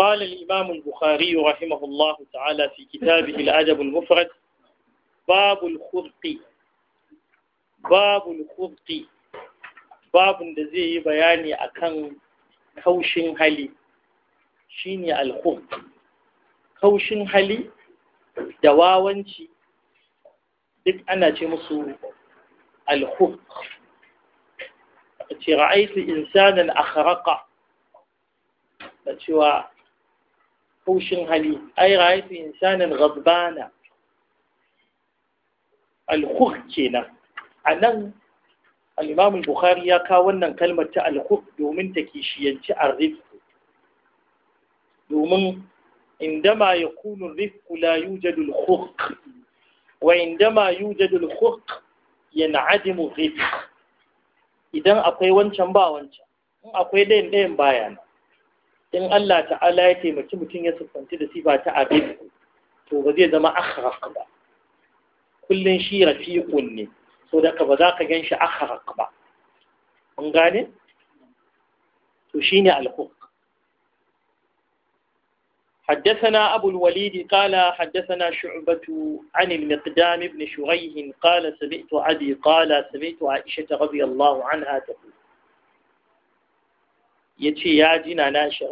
قال الإمام البخاري رحمه الله تعالى في كتابه الأدب المفرد باب الخرق باب الخرق باب da zai yi bayani akan kaushin hali shine al-khurq kaushin hali da wawanci duk ana ce musu al-khurq ce ra'aytu insanan akhraqa cewa kaushin hali ai ra'aytu insanan ghadbana al-khukh kenan anan al-imam al-bukhari ya kawo wannan kalmar ta al-khukh domin ta kishiyanci ar-rifq domin la عندما يكون الرفق لا يوجد الخق وعندما يوجد الخق ينعدم الرفق idan akwai wancan ba wancan in akwai ɗayan ɗayan baya in Allah ta'ala ya taimaki mutum ya siffanci da sifa ta abin to ba zai zama akhraq ba kullun shi rafiqun ne so da ka ba za ka gan shi akhraq ba mun gane to shine al-khulq حدثنا أبو الوليد قال حدثنا شعبة عن المقدام بن شريح قال سمعت أبي قال سمعت عائشة رضي الله عنها تقول ya ce ya jina na na shi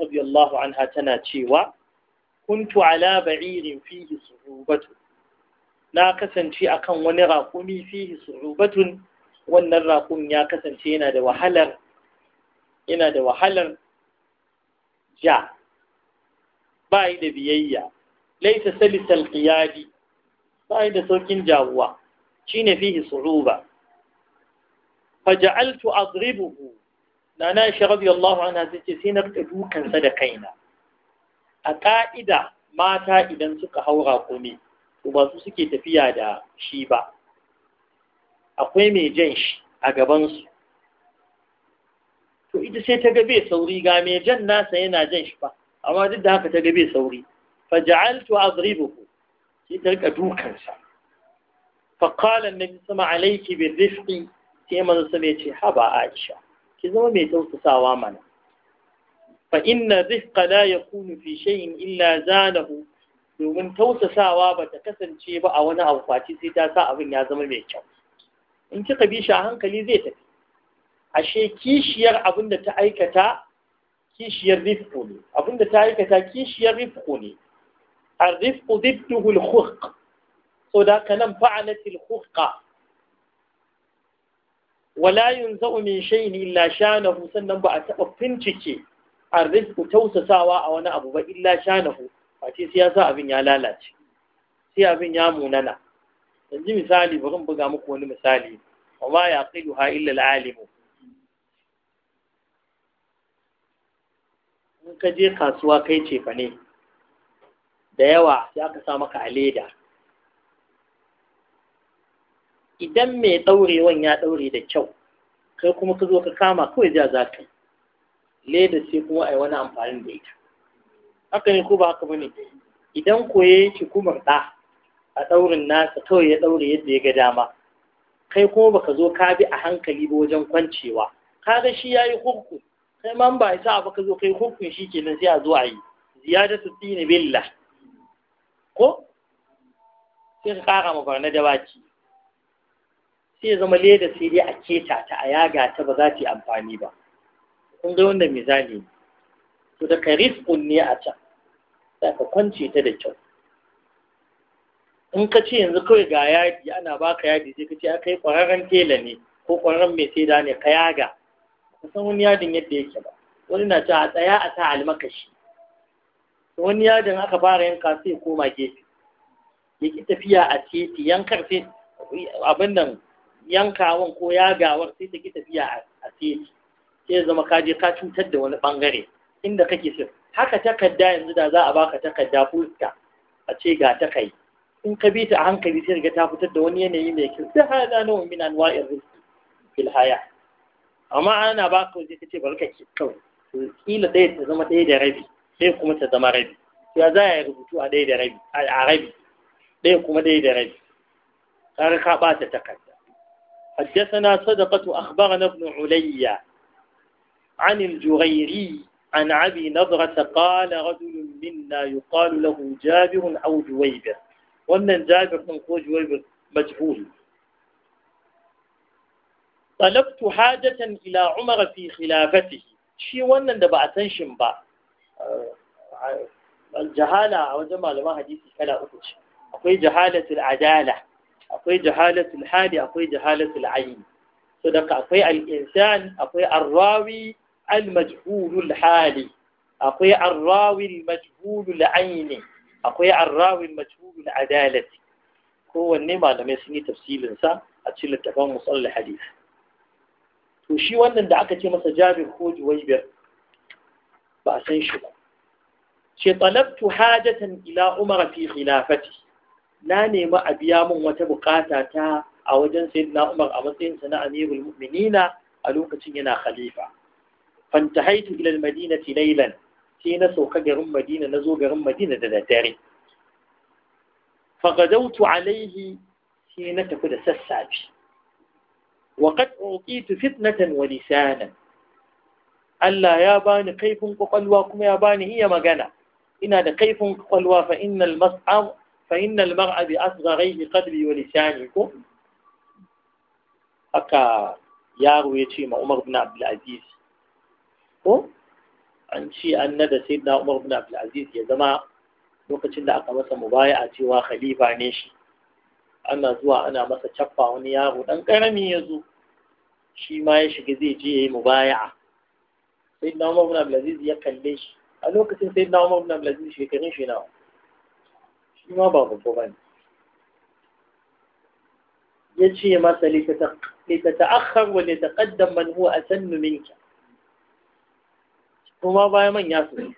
anha tana cewa kuntu ala ba'irin fihi surubatu na kasance akan wani raƙumi fihi surubatun wannan raƙun ya kasance yana da wahalar yana da wahalar ja ba yi da biyayya laita salisal qiyadi ba yi da saukin jawuwa shine fihi suruba faja'altu adribuhu nana Aisha radiyallahu anha ta ce sai na rika dukansa da kaina a ka'ida mata idan suka haura kome to ba su suke tafiya da shi ba akwai mai jan shi a gabansu to ita sai ta gabe sauri ga mai jan nasa yana jan shi ba amma duk da haka ta gabe sauri Fa faja'altu adribuhu sai ta rika dukansa fa qala annabi sama alayki rifqi sai manzo sai ya ce haba aisha ki zama mai tausasawa mana fa inna rifqa la yakunu fi shay'in illa zanahu domin tausasawa ba ta kasance ba a wani akwati sai ta sa abin ya zama mai kyau in kika bi shi a hankali zai tafi ashe kishiyar abin da ta aikata kishiyar rifqu ne abin da ta aikata kishiyar rifqu ne الرفق ضده الخلق so da fa'alatil hukka wala yunza'u min shay'in illa shanahu sannan ba a taɓa fincike rizku tausasawa a wani abu ba illa shanahu ba ce sai ya sa abin ya lalace sai abin ya munana yanzu misali bari buga muku wani misali ba. ma yaqiluha illa al-alimu in ka je kasuwa kai ce fa ne da yawa ya ka sa maka a leda idan mai ɗaurewan ya ɗaure da kyau kai kuma ka zo ka kama kawai ja za ka leda sai kuma a yi wani amfani da ita haka ne ko ba haka bane idan koye ki kumar ɗa a ɗaurin nasa kawai ya ɗaure yadda ya ga dama kai kuma baka zo ka bi a hankali ba wajen kwancewa ga shi yi hukku kai ma ba sa ba ka zo kai hukkun shi kenan sai a zo a yi ziyadatu tsini billa ko sai ka kara ma barna da baki sai zama leda sai dai a keta ta a yaga ta ba za ta yi amfani ba kun ga wanda misali ne to da ka rizqun ne a can za ka kwance ta da kyau in ka ce yanzu kawai ga yadi ana baka yadi sai ka ce aka yi kwararren tela ne ko kwararren mai saida ne ka yaga ka san wani yadin yadda yake ba wani na ta a tsaya a sa almakashi wani yadin aka fara yanka sai koma gefe ya ki tafiya a titi yankar sai abin nan yankawan ko yagawar sai ta ki tafiya a sai sai zama ka je ka cutar da wani bangare inda kake so haka takarda yanzu da za a baka takarda fuska a ce ga ta kai in ka bi ta a hankali sai ga ta fitar da wani yanayi mai kyau sai da nawa min anwa'ir rizqi fil haya amma ana baka waje kace barka ki kawai to kila dai ta zama ɗaya da rabi sai kuma ta zama rabi ya za a rubutu a ɗaya da rabi a rabi ɗaya kuma ɗaya da rabi kaga ka ɓata takarda حدثنا صدقة أخبرنا ابن علي عن الجغيري عن عبي نضرة قال رجل منا يقال له جابر أو جويبر ومن جابر هو جويبر مجهول طلبت حاجة إلى عمر في خلافته شي ونن da اتنشن با الجهاله وجمال ما هديتي كلا wajen malaman جهاله العداله akwai jahalatul hali akwai jahalatul aini so daga akwai al akwai arrawi al-majhulul hali akwai arrawi al-majhulul aini akwai arrawi al-majhulul adalati kowanne malamai sun yi tafsilin sa a cikin littafin musallal hadith to shi wannan da aka ce masa Jabir ko Juwaybir ba a san shi ba ce talabtu hajatan ila Umar fi khilafati na nemi a biya min wata bukata ta a wajen sayyidina Umar a matsayinsa na Amirul Mu'minina a lokacin yana khalifa fantahaitu ila al-madinati laylan sai na sauka garin Madina na zo garin Madina da daddare fagadautu alaihi sai na tafi da sassafe wa qad uqitu fitnatan wa lisanan Allah ya bani kaifin kwakwalwa kuma ya bani iya magana ina da kaifin kwakwalwa fa innal mas'am فإن المرء بأصغريه قلبي ولساني كو هكا yaro ya ce ma Umar bin Abdulaziz ko an ce an nada sayyidina Umar bin Abdulaziz ya zama lokacin da aka masa mubaya'a cewa khalifa ne shi ana zuwa ana masa cappa wani yaro dan karami ya zo shi ma ya shiga zai je ya yayi mubaya'a sayyidina Umar bin Abdulaziz ya kalle shi a lokacin sayyidina Umar bin Abdulaziz shekarun shi nawa ما بعض الفضائل يجي مثلا لتتأخر وليتقدم من هو أسن منك وما بايا من يأسك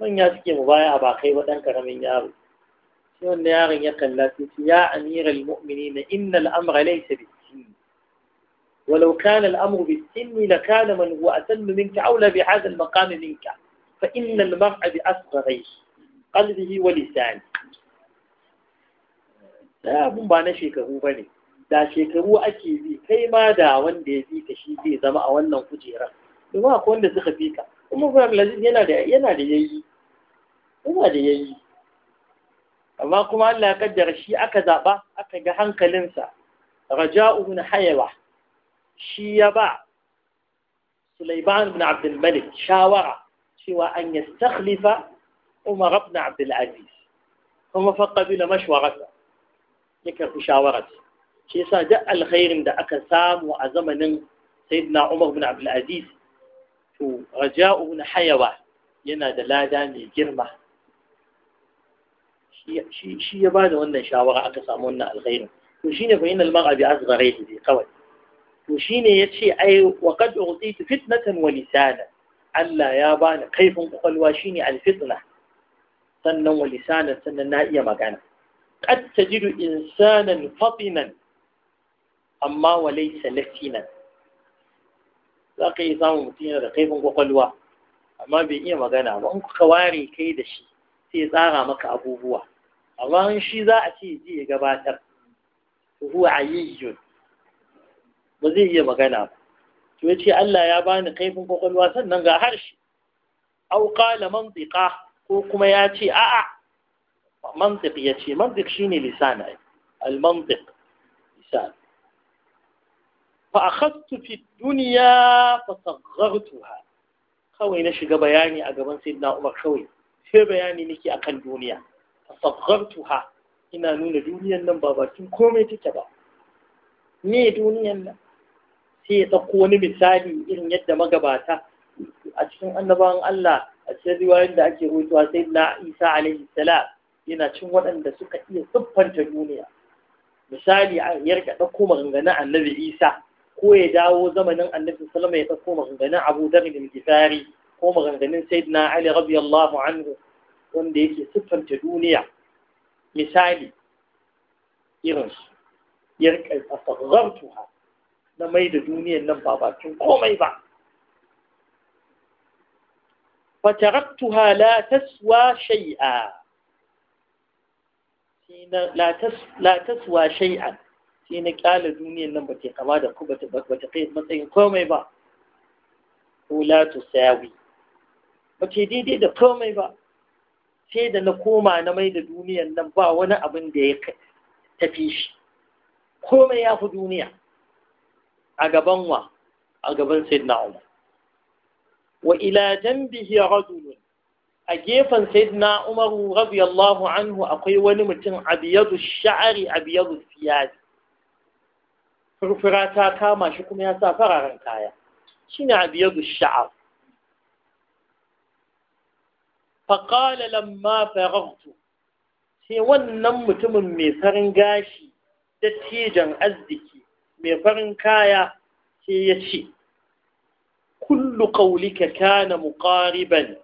من يأسك مبايا أبا خيبة أنكر من يأبو شون نياغي يقن لاتيس يا أمير المؤمنين إن الأمر ليس بالسن ولو كان الأمر بالسن لكان من هو أسن منك أولى بهذا المقام منك فإن المرء بأصغر قلبه ولسانه ɗaya abun ba na shekaru ba ne da shekaru ake bi kai ma da wanda ya bi ka shi zai zama a wannan kujerar domin akwai wanda suka fi ka kuma Ibrahim yana da yana da yayi yana da yayi amma kuma Allah ya shi aka zaɓa aka ga hankalinsa Raja'u na Hayawa shi ya ba Sulaiman bin Abdul shawara cewa an yastakhlifa Umar ibn Abdul Aziz kuma fa qabila mashwarata ya karfi shawarar shi yasa duk alkhairin da aka samu a zamanin sayyidina Umar bin Abdul Aziz to Raja'u na Hayawa yana da lada mai girma shi ya bada wannan shawara aka samu wannan alkhairin to shine fa inal mar'a bi asgharihi bi kawai to shine yace ai wa qad utitu fitnatan wa lisana Allah ya bani kaifin kwakwalwa shine alfitna sannan wa lisana sannan na iya magana قد تجد إنسانا فطنا أما وليس لسنا za ka iya samun mutum yana da kaifin kwakwalwa amma bai iya magana ba in kuka ware kai da shi sai ya tsara maka abubuwa amma in shi za a ce ji ya gabatar huwa ayyun ba zai iya magana ba to ya ce Allah ya bani kaifin kwakwalwa sannan ga harshe au qala mantiqa ko kuma ya ce a'a منطق yace, ce mantiq shine lisan ai al mantiq lisan fa akhadtu fi dunya fa saghartuha kawai na shiga bayani a gaban sayyidina Umar kawai sai bayani nake akan duniya fa ina nuna duniyan nan ba komai take ba me duniyan nan sai ya ɗauko wani misali irin yadda magabata a cikin annabawan Allah a cikin riwayoyin da ake rutuwa sai Isa alaihi salam yana cin waɗanda suka iya siffanta duniya misali ya rika ɗauko maganganun annabi isa ko ya dawo zamanin annabi salama ya ɗauko maganganun abu dhar bin gifari ko maganganun sayyidina ali radiyallahu anhu wanda yake siffanta duniya misali irinsu ya a asaghartuha na mai da duniyan nan ba bakin komai ba fataraktuha la taswa shay'a sai na taswa shay'an sai na kyala duniyan nan ba ke kama da ku ba ta kai matsayin komai ba ko la tusawi ba ke daidai da komai ba sai da na koma na mai da duniyan nan ba wani abin da ya tafi shi komai ya fi duniya a gaban wa a gaban na umar wa ila janbihi rajulun a gefen sayyidina umaru radiyallahu anhu akwai wani mutum abiyadu sha'ari abiyadu siyasi furfura ta kama shi kuma ya sa fararen kaya shine abiyadu sha'ar faƙala lamma farartu sai wannan mutumin mai farin gashi dattijan arziki mai farin kaya sai ya ce kullu ƙaulika kana muƙariban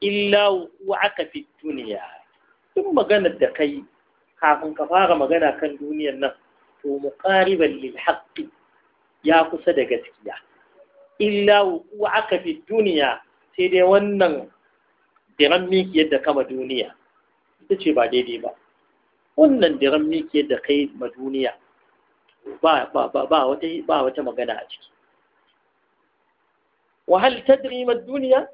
illa wa aka fi duniya duk maganar da kai kafin ka fara magana kan duniyar nan to muqariban lil haqqi ya kusa da gaskiya illa wa aka fi duniya sai dai wannan diran miki yadda kama duniya ita ce ba daidai ba wannan diran miki yadda kai ma duniya ba wata magana a ciki wa hal tadri ma duniya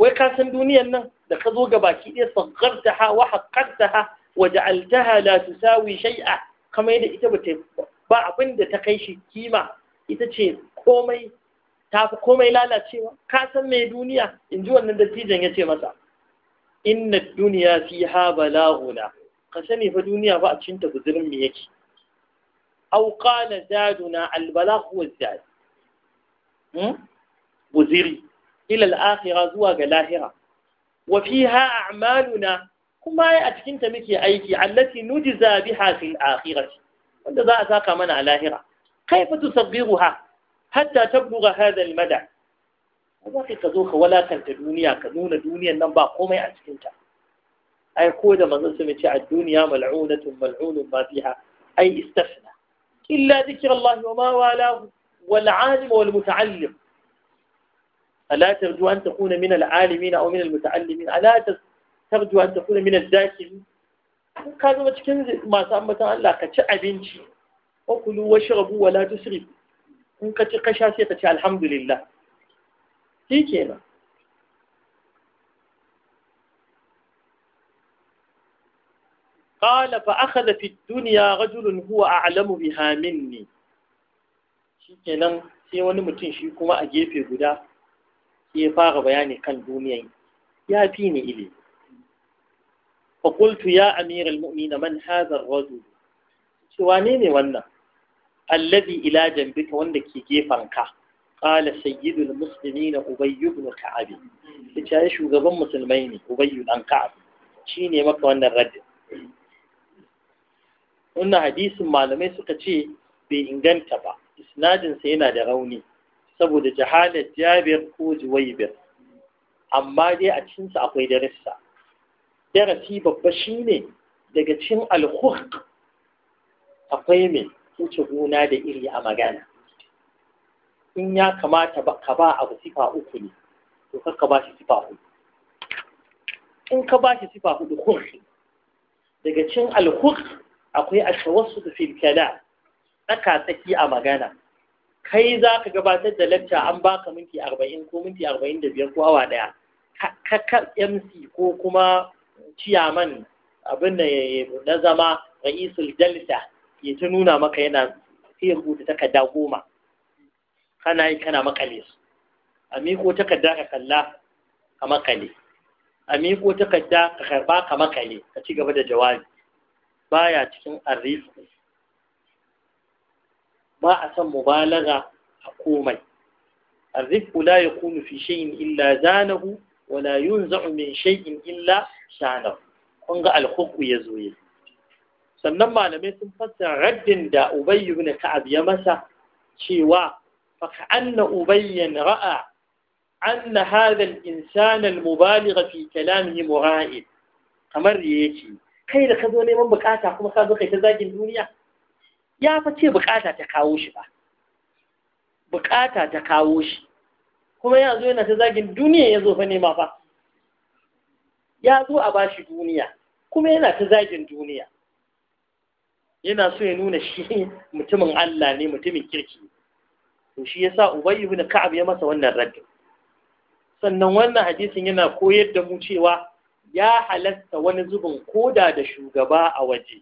wai ka san duniyan nan da ka zo ga baki ɗaya ha wa ha wa ja'altaha la tusawi shay'a kamar yadda ita ba abin da ta kai shi kima ita ce komai ta fi komai lalacewa ka san mai duniya in ji wannan dattijan ya ce masa inna duniya fi ha bala'una ka sani fa duniya ba a cikin ta guzurin mu yake aw qala zaduna al balagh wa ila al zuwa ga lahira wa a a'maluna kuma a cikinta muke aiki allati nujza biha fil akhirati wanda za a saka mana a lahira kaifa tusabbiruha hatta tablugha hadha al-mada ba ka zo ka walakanta duniya ka nuna duniyan nan ba komai a cikinta ai ko da manzon sun ce a dunya mal'unatun mal'unun ai istafna illa dhikrullahi wa ma walahu wal 'alim wal muta'allim ألا ترجو أن تكون من العالمين أو من المتعلمين ألا ترجو أن تكون من الذاكرين ka zama cikin masu ambatan Allah ka ci abinci wa kulu wa shirabu wa la tusrif in ka sai ci قال فأخذ في الدنيا رجل هو أعلم بها مني shikenan sai wani mutum shi kuma a gefe guda ya fara bayani kan duniyan ya fi ni ile fakultu ya amiral mu'mi na manhazar wazo cewa ne wannan alladhi ila jambika wanda ke gefanka qala sayyidul muslimin ubayy ibn ka'ab shugaban musulmai ne ubayy dan ka'ab shine maka wannan raddi wannan hadisin malamai suka ce bai inganta ba isnadin yana da rauni saboda jahalar jabir ko juwaibir amma dai a cinsa akwai darissa darasi babba shine daga cin alhuk akwai mai wuce gona da iri a magana in ya kamata ka ba abu sifa uku ne to ka ba shi sifa hudu in ka ba shi sifa hudu kurki daga cin alhuk akwai a tawassu fil kalam tsaka tsaki a magana kai za ka gabatar da lacca an baka minti arba'in ko minti arba'in da biyar ko awa ɗaya kakar mc ko kuma ciyaman abin da na zama ra'isul jalsa ya ta nuna maka yana sai rubuta takarda goma kana yi kana makale su a miko takarda ka kalla ka makale a miko takarda ka karba ka makale ka ci gaba da jawabi baya cikin arrisu ba a san mubalaga a komai الرفق لا يكون في شيء إلا زانه ولا ينزع من illa إلا شانه kunga alhuku ya zo yi sannan malamai sun fassara raddin da ubay ibn ka'ab ya masa cewa fa anna ubayyan ra'a anna hadha al-insan al-mubaligh fi kalamihi mura'id kamar yake kai da ka zo neman bukata kuma ka zo kai ta zagin duniya ya fa ce bukata ta kawo shi ba bukata ta kawo shi kuma ya zo yana ta zagin duniya ya zo fa nema fa ya zo a ba shi duniya kuma yana ta zagin duniya yana so ya nuna shi mutumin Allah ne mutumin kirki to shi yasa Ubay ibn Ka'ab ya masa wannan raddi sannan wannan hadisin yana koyar da mu cewa ya halasta wani zubin koda da shugaba a waje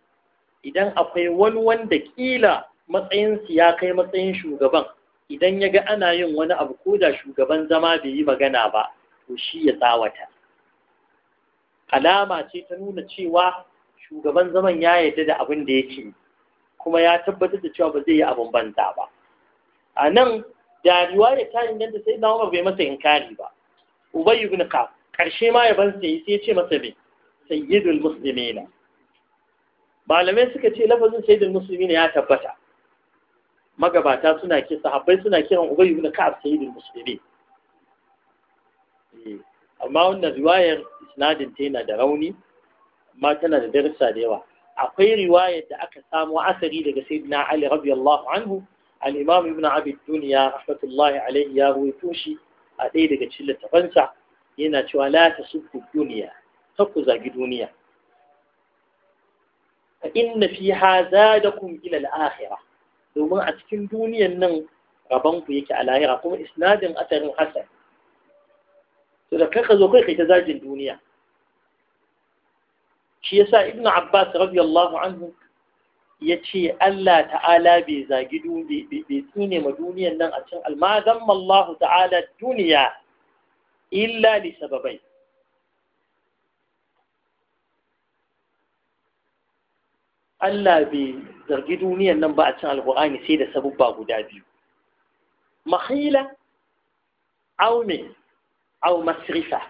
idan akwai wani wanda kila matsayin ya kai matsayin shugaban idan ya ga ana yin wani abu ko da shugaban zama bai yi magana ba to shi ya tsawata alama ce ta nuna cewa shugaban zaman ya yarda da abin da yake kuma ya tabbatar da cewa ba zai yi abin banza ba a nan da riwaya ta inganta sai na bai masa inkari ba ubayyu ibn ka karshe ma ya ban sai sai ya ce masa me sayyidul muslimina malamai suka ce lafazin sayyidul musulmi ne ya tabbata magabata suna ke sahabbai suna kiran uba ibn ka'ab sayyidul musulmi eh, amma wannan riwayar isnadin ta yana da rauni amma tana da darasa da yawa akwai riwayar da aka samo asari daga sayyidina ali radiyallahu anhu al-imam ibn abi dunya rahmatullahi alayhi ya ruwaito shi a ɗaya daga cikin littafansa yana cewa la tasubbu dunya ta ku zagi duniya fa inna fiha zadakum ila al domin a cikin duniyan nan rabon ku yake a lahira kuma isnadin asarin hasan to da kai ka zo kai kai ta zagin duniya shi yasa ibn abbas radiyallahu anhu ya ce Allah ta'ala bai zagi bai tsine ma duniyan nan a cikin almazan Allah ta'ala duniya illa li sababai Allah bai zargi duniyan nan ba a cin alkur'ani sai da sabubba guda biyu mahila aume me au masrifa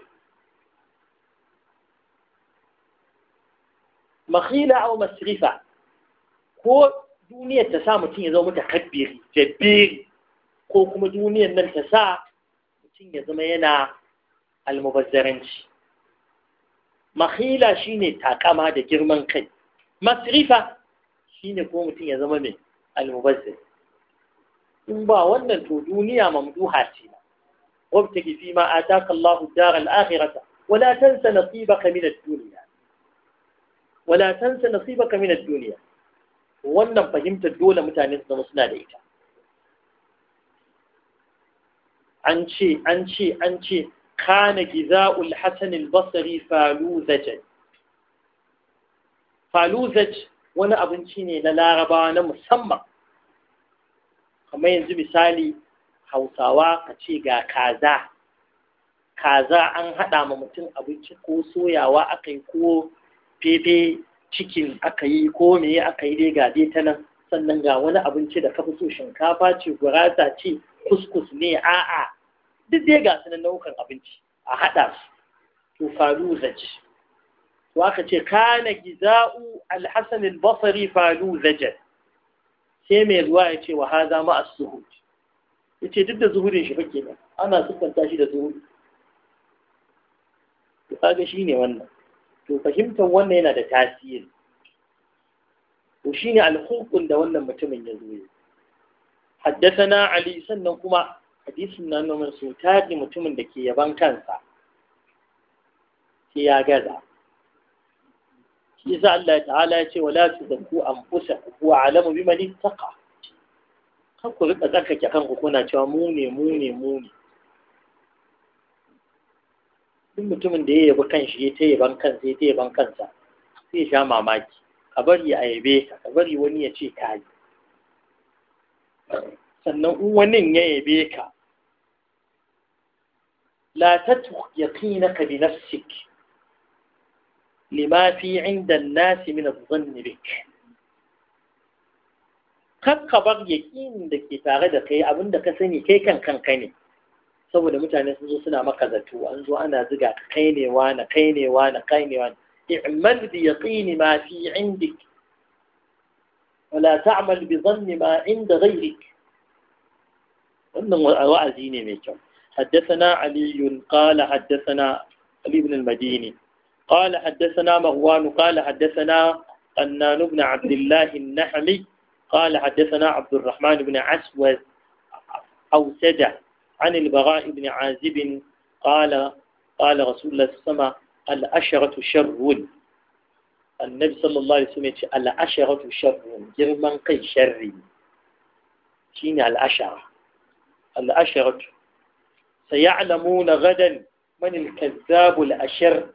mahila au masrifa ko duniyar ta sa mutum ya zama kabbiri, jabbiri ko kuma duniyar nan ta sa mutum ya zama yana almubazzaranci mahila ne takama da girman kai masrifa shine kuma mutum ya zama mai almubazzir in ba wannan to duniya mamduha ce wabtaki fi ma ataka Allahu dar al-akhirata wala tansa nasibaka min ad-dunya wala tansa nasibaka min ad-dunya wannan fahimtar dole mutane su zama suna da ita an ce an ce an ce kana giza'ul hasan al-basri faluzajan faluzaj wani abinci ne na larabawa na musamman kamar yanzu misali hausawa a ce ga kaza kaza an haɗa ma mutum abinci ko soyawa aka yi ko fefe cikin aka yi ko me aka yi dai ga ta nan sannan ga wani abinci da kafa so shinkafa ce gurasa ce kuskus ne a'a duk dai ga su nau'ukan abinci a haɗa su to faru zaci to aka ce kana giza'u al-hasan al-basri falu zajal sai mai zuwa ya ce wa haza ma as-suhud yace duk da zuhudin shi fake ne, ana sukanta shi da zuhudi to kaga ne wannan to fahimtar wannan yana da tasiri to shine al-khulqun da wannan mutumin ya zo حدثنا Ali, sannan kuma hadisin nan nan sun tadi mutumin da ke yaban kansa sai ya gaza yasa Allah ta'ala ya ce wala su an fusa wa alamu mani taqa kan ku rika kan ku kuna cewa mu ne mu ne mu ne duk mutumin da ya yabi shi ya ta bankan sai ya ta yaban kansa sai sha mamaki ka bari a yabe ka ka bari wani ya ce ka yi sannan in wani ya yabe ka la tatu yaqinaka bi nafsika lima fi inda nasi min zanni bik kakka bar yaƙinin da ke tare da kai abin da ka sani kai kan kanka ne saboda mutane sun zo suna maka zato an zo ana ziga ka kai ne wani kai ne wani kai ne wani i'mal bi yaqini ma fi indik wala ta'mal bi dhanni ma inda ghayrik wannan wa'azi ne mai kyau حدثنا علي قال حدثنا علي بن المديني قال حدثنا مغوان قال حدثنا قنان بن عبد الله النحمي قال حدثنا عبد الرحمن بن عسوز أو سدع عن البغاء بن عازب قال قال رسول الله السماء الأشرة شر النبي صلى الله عليه وسلم الأشرة شر جرمان قي شر شين الأشرة الأشرة سيعلمون غدا من الكذاب الأشر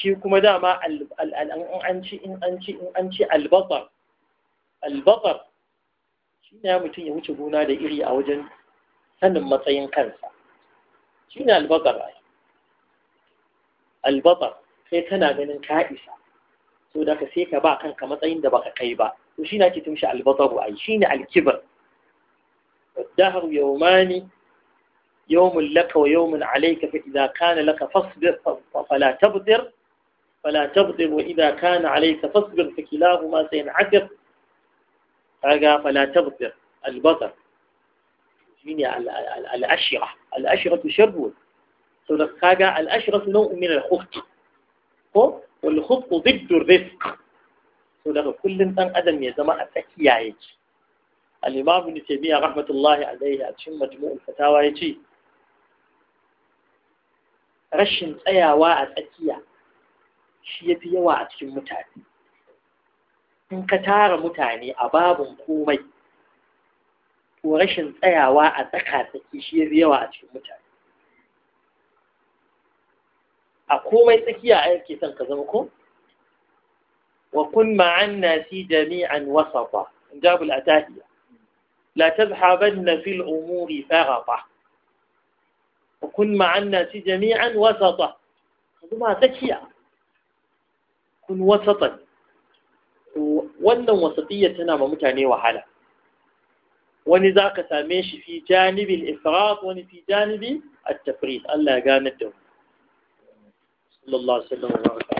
shi kuma dama an ci in an ci in an shi ne mutum ya wuce gona da iri a wajen sanin matsayin kansa shi ne albatar ai albatar sai kana ganin ka isa so da ka sai ka ba kanka matsayin da baka kai ba to shi ne ake tumshi albataru ai shi ne alkibar wa yau mun alaika fa, عليك فإذا كان لك فاصبر فلا تبذر فلا تغضب وإذا كان عليك فاصبر فكلاهما سينعكس هذا فلا تغضب البطر من يعني؟ الأشرة الأشرة شر سورة هذا الأشرة نوع من الخبط والخبط ضد الرزق سورة كل من أدم يزمع أتكيا يجي الإمام ابن تيمية رحمة الله عليه أتشم مجموع الفتاوى يجي رشن أيا واعد أتيا shi ya fi yawa a cikin mutane in ka tara mutane a babin komai ko rashin tsayawa a tsakatsaki shi ya fi yawa a cikin mutane a komai tsakiya a yake son ka zama ko wa kun ma'an nasi jami'an wasafa jabul atahiya la tazhabanna fil umuri farafa wa kun ma'an nasi jami'an wasafa ka zama tsakiya kun wasatan wannan wasatiyya tana ma mutane wahala wani za ka same shi fi janibin ifrat wani fi janibin at-tafrit Allah ya ganar da mu sallallahu alaihi wasallam